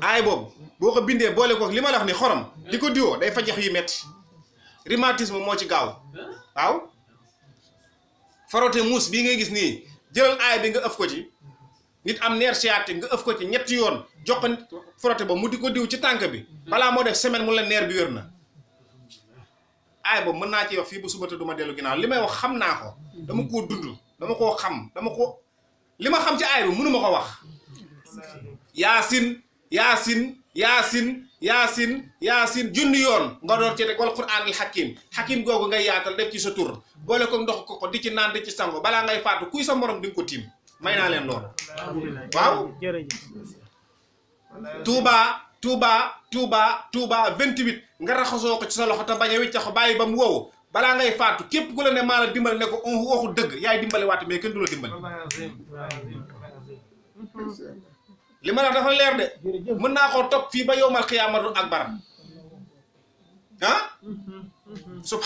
aay boobu boo ko bindee boole ko li ma la ni xorom di ko diwoo day fajax yu metti rhumatisme moo ci gaaw waaw farote muus bii ngay gis nii jëlal aay bi nga ëf ko ci nit am neer sciatique nga ëf ko ci ñetti yoon jox ko frotté ba mu di ko diw ci tànk bi balaa moo def semaine mu la neer bi wér na aay boobu mën naa ci wax fii ba suba te du ma dellu ginnaaw li may wax xam naa ko dama koo dund dama koo xam dama koo li ma xam ci aay bi mënuma ko wax yaasin yaasin yaasin yaasin yaasin junni yoon nga door ci rek wal quraanil xakim xakim googu ngay yaatal def ci sa tur boole ko ndox ko ko di ci naan di ci sango balaa ngay faatu kuy sa morom di ko tiim may naa leen loolu waaw tuuba tuuba tuuba tuuba 28 nga raxasoo ko ci sa loxo te bañ a wiccaxo bàyyi ba mu wow bala ngay faatu képp ku la ne maa la dimbali ne ko on waxu dëgg yaay dimbali waat mais kenn du la dimbali lima ma la dafa leer de. mën naa koo topp fii ba yowmal xiyaamatu akbar ah. Mm-hmm. Mm-hmm.